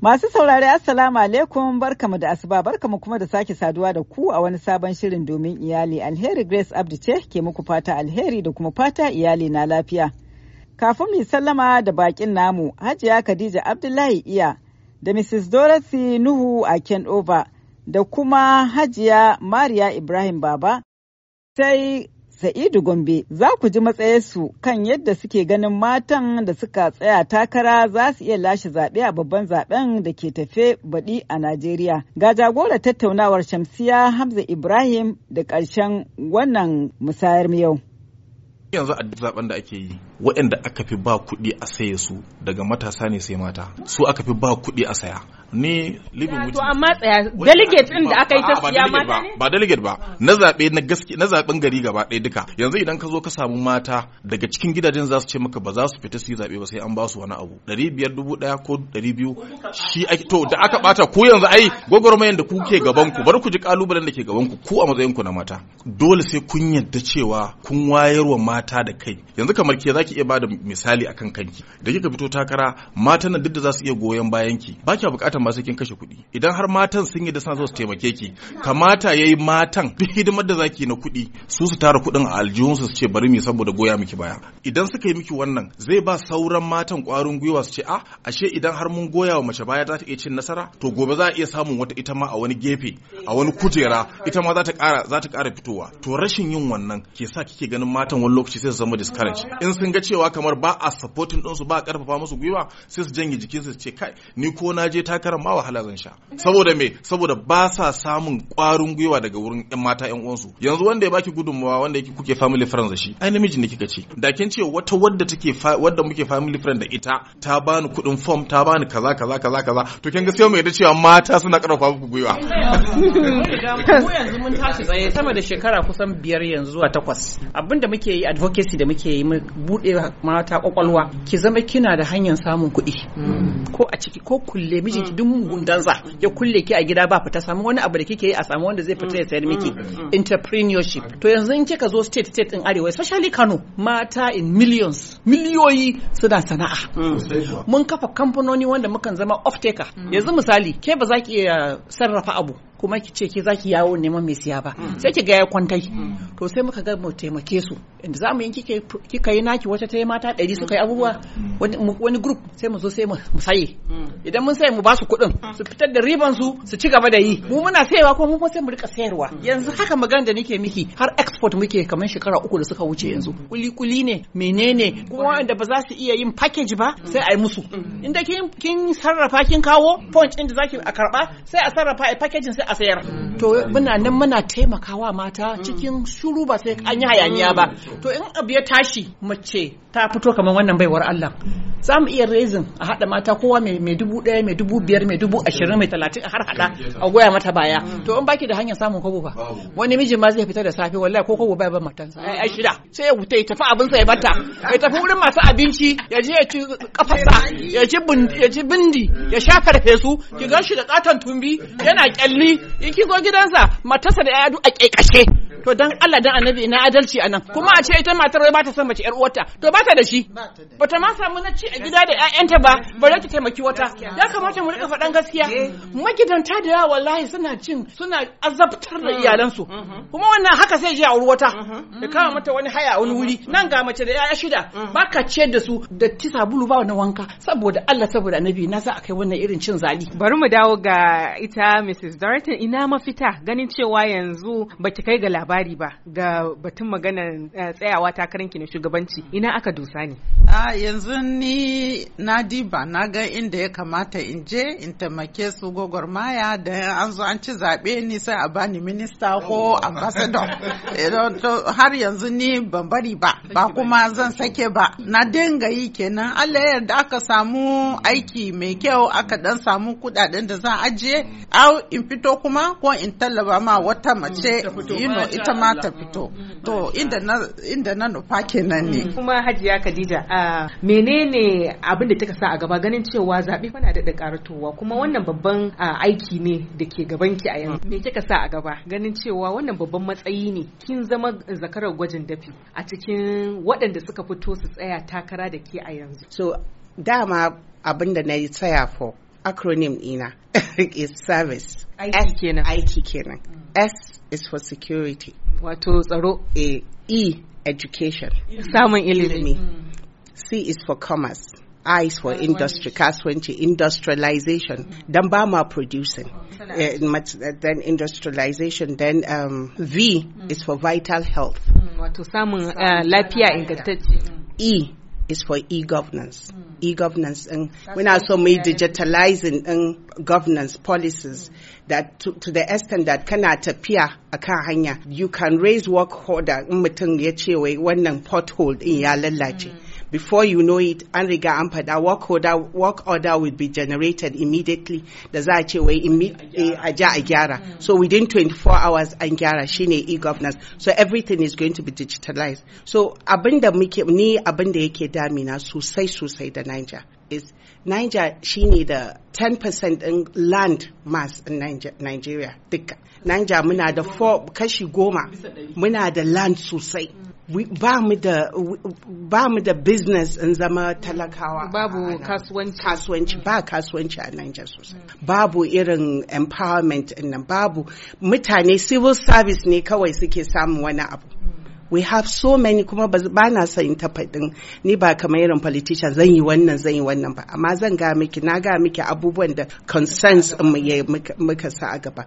Masu saurari Assalamu alaikum barkamu da asuba barkamu kuma da sake saduwa da ku a wani sabon shirin domin iyali alheri Grace Abdu ce ke muku fata alheri da kuma fata iyali na lafiya. Kafin mu sallama da bakin namu Hajiya Khadija Abdullahi Iya da Mrs. Dorothy Nuhu a Kenova da kuma Hajiya Mariya Ibrahim Baba sai Sa'idu Gombe za ku ji matsayarsu kan yadda suke ganin matan da suka tsaya takara za su iya lashe zaɓe a babban zaɓen da ke tafe baɗi a Najeriya. Ga jagorar tattaunawar Shamsiya Hamza Ibrahim da ƙarshen wannan musayar yau. yanzu a zaben da ake yi waɗanda aka fi ba kuɗi a saye su daga matasa ne sai mata su aka fi ba kuɗi a saya ni libin wuce amma tsaya delegate din da aka yi tafiya mata ne ba delegate ba na zabe na gaske na zaben gari gaba ɗaya duka yanzu idan ka zo ka samu mata daga cikin gidajen za su ce maka ba za su fita su yi zabe ba sai an ba su wani abu biyar dubu ɗaya ko biyu shi to da aka bata ko yanzu ai gwagwarmayan da kuke gaban ku bar ku ji kalubalen da ke gaban ku ku a matsayin ku na mata dole sai kun yadda cewa kun wayarwa mata da kai yanzu kamar ke zaki iya bada misali akan kanki da kika fito takara matan nan duk da za su iya goyon bayan ki ba kya bukatar matan su kin kashe kuɗi idan har matan sun yi da suna su taimake ki kamata yayi matan duk hidimar da zaki na kuɗi su su tara kuɗin a aljihun su su ce bari mu saboda goya miki baya idan suka yi miki wannan zai ba sauran matan ƙwarin gwiwa su ce a ah, ashe idan har mun goya wa mace baya za ta iya cin nasara to gobe za a iya samun wata ita ma a wani gefe a wani kujera ita ma za ta ƙara za ta ƙara fitowa to rashin yin wannan ke sa kike ganin matan wani lokaci sai su zama discourage in sun ga cewa kamar ba a supporting ɗinsu ba a karfafa musu gwiwa sai su janye jikinsu su ce kai ni ko na je taka karan ma wahala zan sha saboda me saboda ba sa samun kwarin gwiwa daga wurin yan mata yan uwansu yanzu wanda ya baki gudunmawa wanda yake kuke family friends da shi ai namiji ne kika ce da kin ce wata wadda take wadda muke family friend da ita ta bani kudin form ta bani kaza kaza kaza kaza to kin ga sai mu yadda cewa mata suna karfafa muku gwiwa ko yanzu mun tashi tsaye sama da shekara kusan biyar yanzu zuwa takwas abinda muke yi advocacy da muke yi mu bude mata kwakwalwa ki zama kina da hanyar samun kuɗi ko a ciki ko kulle mijinki duk mugundansa ya kulle ki a gida ba fita samu wani abu da kike yi a samu wanda zai fita ya sayar miki mm, mm, mm. entrepreneurship to yanzu in kika zo state state din arewa especially Kano mata in millions miliyoyi suna sana'a mun kafa kamfanoni wanda mukan zama off taker yanzu misali ke ba za ki iya sarrafa abu kuma ki ce ke zaki yawo neman mai siya ba sai ki ga ya kwantai to sai muka ga mu taimake su inda zamu yin kika yi naki wata ta mata ɗari suka yi abubuwa wani group sai mu zo sai mu saye idan mun sai mu ba su kuɗin hmm. su fitar da riban su su ci gaba da yi mu muna sayarwa kuma mun sai mu rika sayarwa hmm. yanzu haka magana da nake miki har export muke kamar shekara uku da suka wuce yanzu hmm. kuli kuli ne menene kuma wanda ba za su iya yin package ba sai a yi musu inda kin kin sarrafa kin kawo punch din zaki a karba sai a sarrafa a packaging sai a sayar to muna nan muna taimakawa mata cikin shuru ba sai an yi hayaniya ba to in abu ya tashi mace ta fito kamar wannan baiwar Allah za mu iya raisin a haɗa mata kowa mai dubu ɗaya mai dubu biyar mai dubu ashirin mai talatin a har haɗa a goya mata baya mm. to in baki da hanyar samun kobo ba wani miji ma zai fita da safe wallahi ko kobo baya ban matansa mm. ai shida sai ya wuta ya tafi abinsa ya bata ya tafi wurin masu abinci ya je ya ci kafarsa ya ci ya ji bindi ya sha farfesu ki ga shi da katon tumbi yana kyalli in ki zo gidansa matarsa da 'ya'ya duk a kekashe to dan Allah dan annabi ina adalci anan kuma a ce ita matar ba ta son mace yar uwarta to ba ta da shi ba ta ma samu na ci a gida da ƴaƴanta ba bare ta taimaki wata ya kamata mu rika faɗan gaskiya eh. magidanta da yawa wallahi suna cin suna azabtar da mm. iyalansu mm-hmm. kuma wannan haka sai je a wata mm-hmm. ya kawo mata wani haya wani wuri mm-hmm. nan ga mace da ƴaƴa shida mm. ba ka ciyar da su da ti sabulu ba na wanka saboda Allah saboda annabi na sa a wannan irin cin zali bari mu dawo ga ita Mrs. Darton ina mafita ganin cewa yanzu ba ki kai ga labari ba ga batun maganar eh, tsayawa ki na shugabanci ina aka dosa ne a yanzu ni na diba na ga inda ya kamata in je in taimake su gwagwarmaya da an zo an ci zaɓe ni sai a bani minista ko ambassador eh, har yanzu ni ban bari ba ba kuma zan sake ba na dinga yi kenan allah yarda aka samu aiki mai kyau aka dan samu kudaden da za a ajiye au in fito kuma ko in tallaba ma wata mace mm, ita ma ta fito mm, mm. to inda na nufa kenan ne mm. kuma hajiya khadija a menene abin da ta sa a gaba ganin cewa zaɓe fana da karatowa kuma wannan babban aiki ne da ke gaban ki a yanzu me kika sa a gaba ganin cewa wannan babban matsayi ne kin zama zakarar gwajin dafi a cikin waɗanda suka fito su tsaya takara da ke a yanzu so dama abin da na yi tsaya for acronym ina is service aiki kenan aiki kenan S is for security. Wato tsaro. A E education. E, samun ilimi. Hmm. C is for commerce. I for industry, kasuwanci, industrialization, hmm. dan ba ma producing, oh, eh, eh, then industrialization, then um, V mm. is for vital health. Hmm, wato samun eh, lafiya ingantacce. E is for e-governance. Mm. E-governance and muna so mu digitalizing in um, governance policies mm. that to, to, the extent that kana tafiya akan hanya you can raise work order in mutum ya ce wai wannan pothole din ya hmm. lallace. Hmm. before you know it an riga an faɗa work order work order will be generated immediately da za a ce wai eh, a ja a gyara hmm. so within 24 hours an gyara shine e-governance so everything is going to be digitalized so abinda muke ni abinda yake damina sosai sosai da Niger is Niger shine da 10% ɗin land mass in Nigeria duka. Niger muna da kashi goma muna da land sosai. Ba mu da business in zama talakawa. Babu kasuwanci. Kasuwanci ba kasuwanci a Niger sosai. Babu irin empowerment nan babu mutane civil service ne kawai suke samun wani abu. we have so many kuma ba na son in ta faɗin ni ba kamar irin politician zan yi wannan zan yi wannan ba amma zan ga miki na ga miki abubuwan da concerns muka sa a gaba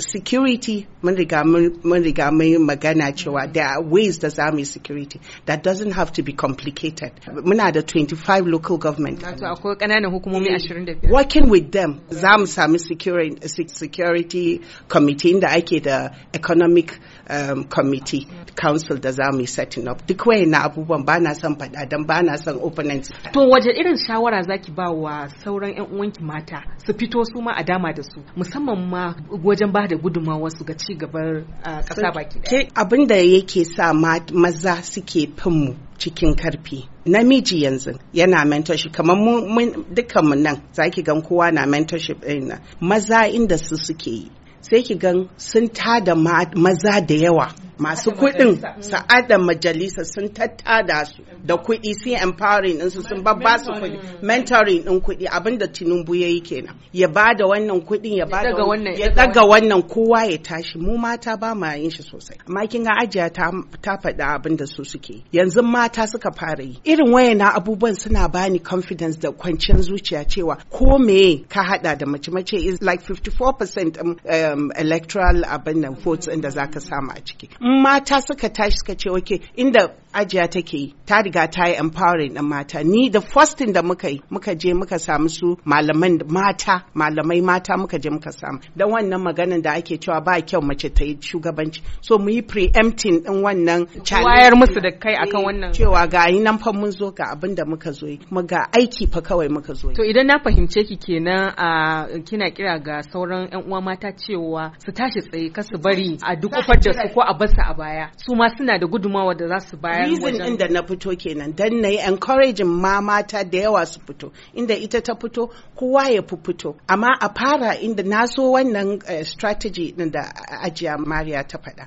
security mun riga mun riga mai magana cewa there are ways da za mu yi security that doesn't have to be complicated muna da 25 local government akwai ƙananan hukumomi 25 eh, working with them za mu sami security committee inda ake da economic um, committee council circle da za mu yi setting up duk wayannan abubuwan ba na son faɗa don ba na son opponents to waje irin shawara zaki ba wa sauran yan uwanki mata su fito su ma a dama da su musamman ma wajen ba da gudunmawa su ga ci gabar ƙasa baki ɗaya abin da yake sa maza suke fin mu cikin karfi namiji yanzu yana mentorship kamar mun mu nan zaki gan kowa na mentorship ɗin maza inda su suke yi sai ki gan sun tada maza da yawa masu kuɗin sa'adar majalisa sun tattada su da kuɗi sai empowering ɗinsu sun babba su kuɗi mentoring ɗin kuɗi abinda tinubu ya yi kenan ya ba da wannan kuɗin ya ɗaga wannan daga wannan kowa ya tashi mu mata ba ma yin shi sosai amma kin ga ajiya ta ta faɗa abinda su suke yanzu mata suka fara yi irin wayana abubuwan suna bani confidence da kwanciyar zuciya cewa ko me ka hada da mace mace is like 54% um, um, electoral abin votes inda zaka samu a ciki mata suka tashi suka ce okay inda ajiya take ta riga ta yi empowering ɗin mata ni da first thing da muka yi muka je muka samu su malaman mata malamai mata muka je muka samu dan wannan maganan da ake cewa ba kyau mace ta yi shugabanci so mu yi preempting ɗin wannan wayar musu da kai akan eh, wannan cewa ga yi nan fa mun zo ga abin da muka zo yi kuma ga aiki fa kawai muka zo yi to idan na fahimce ki kenan a kina kira ga sauran yan uwa mata cewa su tashi tsaye ka su bari a duk da su ko a basu a baya su ma suna da gudumawa da za su bayar wajen da na fito kenan dan na yi encouraging ma mata da yawa su fito inda ita ta fito kowa ya fi fito amma a fara inda na so wannan eh, strategy din da ajiya mariya ta faɗa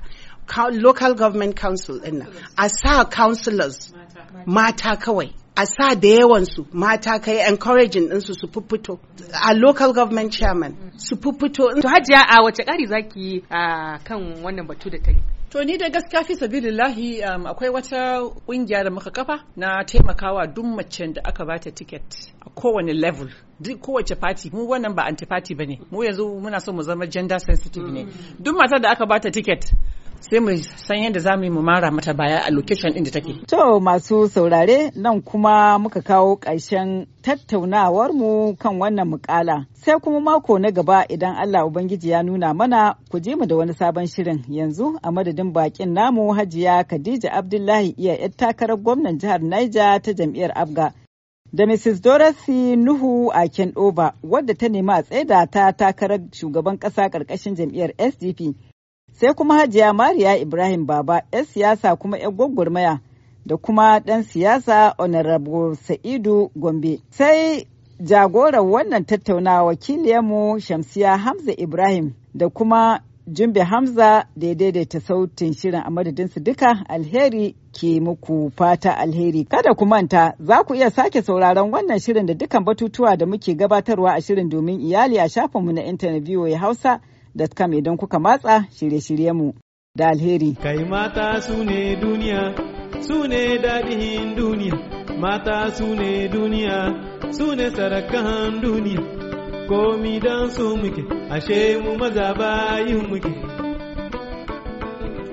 local government council din nan a sa councillors mata kawai a sa da yawansu mata kai encouraging ɗinsu su fito a local government chairman su fito. To hajiya a wace ƙari zaki a kan wannan batu da ta yi? To ni da gaskiya fi sabilillahi um, akwai wata kungiya da muka kafa na taimakawa duk macen da aka bata tiket a kowane level duk kowace party mu wannan ba anti party bane mu yanzu muna so mu zama gender sensitive ne mm. duk matar da aka bata tiket sai mu san yadda za mu mara mata baya a location ɗin take. To masu saurare nan kuma muka kawo ƙarshen tattaunawar mu kan wannan mukala. Sai kuma mako na gaba idan Allah Ubangiji ya nuna mana ku je mu da wani sabon shirin yanzu a madadin bakin namu Hajiya Khadija Abdullahi iya yar takarar gwamnan jihar Niger ta jam'iyyar Abga. Da Mrs. Dorothy Nuhu a Oba wadda ta nemi a tsaida ta takarar shugaban ƙasa ƙarƙashin jam'iyyar SDP. Sai kuma Hajiya Mariya Ibrahim Baba, 'yar siyasa kuma 'yar gwagwarmaya da kuma ɗan siyasa Honorable Sa'idu Gombe. Sai jagoran wannan tattaunawa wakiliyarmu Shamsiya Hamza Ibrahim da kuma Jumbe Hamza da ya daidaita sautin shirin a madadinsu duka alheri ke muku fata alheri. Kada ku manta za ku iya sake sauraron wannan shirin da dukan batutuwa da muke gabatarwa a shirin domin iyali a shafinmu na intanet ya Hausa. voa.com idan kuka matsa shirye-shiryenmu da alheri. Kai mata su ne duniya, su ne daɗin duniya, mata su ne duniya, su ne sarakan duniya, komi don su muke, ashe mu maza bayin muke.